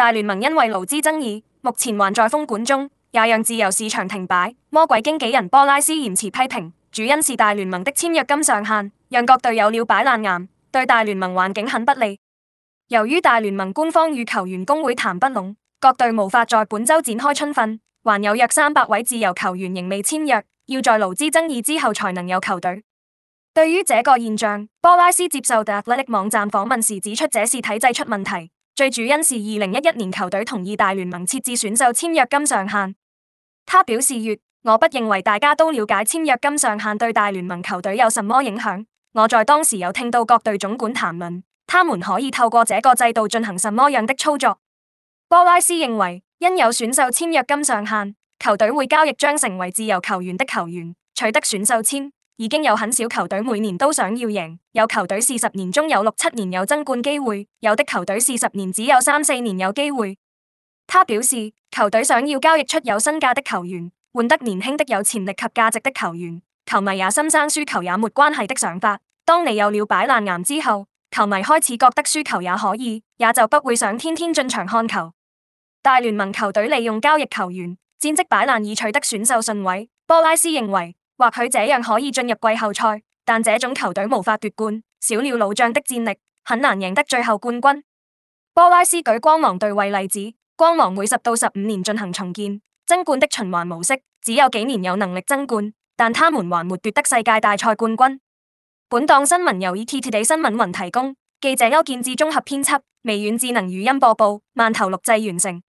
大聯盟因為勞資爭議，目前還在封館中，也讓自由市場停擺。魔鬼經紀人波拉斯嚴詞批評，主因是大聯盟的簽約金上限，讓各隊有了擺爛癌，對大聯盟環境很不利。由於大聯盟官方與球員工會談不攏，各隊無法在本周展開春訓，還有約三百位自由球員仍未簽約，要在勞資爭議之後才能有球隊。對於這個現象，波拉斯接受 The Athletic 網站訪問時指出，這是體制出問題。最主因是二零一一年球隊同意大聯盟設置選秀簽約金上限。他表示：，月我不認為大家都了解簽約金上限對大聯盟球隊有什麼影響。我在當時有聽到各隊總管談論，他們可以透過這個制度進行什麼樣的操作。波拉斯認為，因有選秀簽約金上限，球隊會交易將成為自由球員的球員，取得選秀簽。已經有很少球隊每年都想要贏，有球隊是十年中有六七年有爭冠機會，有的球隊是十年只有三四年有機會。他表示，球隊想要交易出有身價的球員，換得年輕的有潛力及價值的球員，球迷也心生輸球也沒關係的想法。當你有了擺爛癌之後，球迷開始覺得輸球也可以，也就不會想天天進場看球。大聯盟球隊利用交易球員戰績擺爛而取得選秀順位，波拉斯認為。或許這樣可以進入季後賽，但這種球隊無法奪冠，少了老將的戰力，很難贏得最後冠軍。波拉斯舉光芒對位例子，光芒每十到十五年進行重建，爭冠的循環模式只有幾年有能力爭冠，但他們還沒奪得世界大賽冠軍。本檔新聞由 TTD 新聞雲提供，記者歐建智綜合編輯，微軟智能語音播報，慢頭六製完成。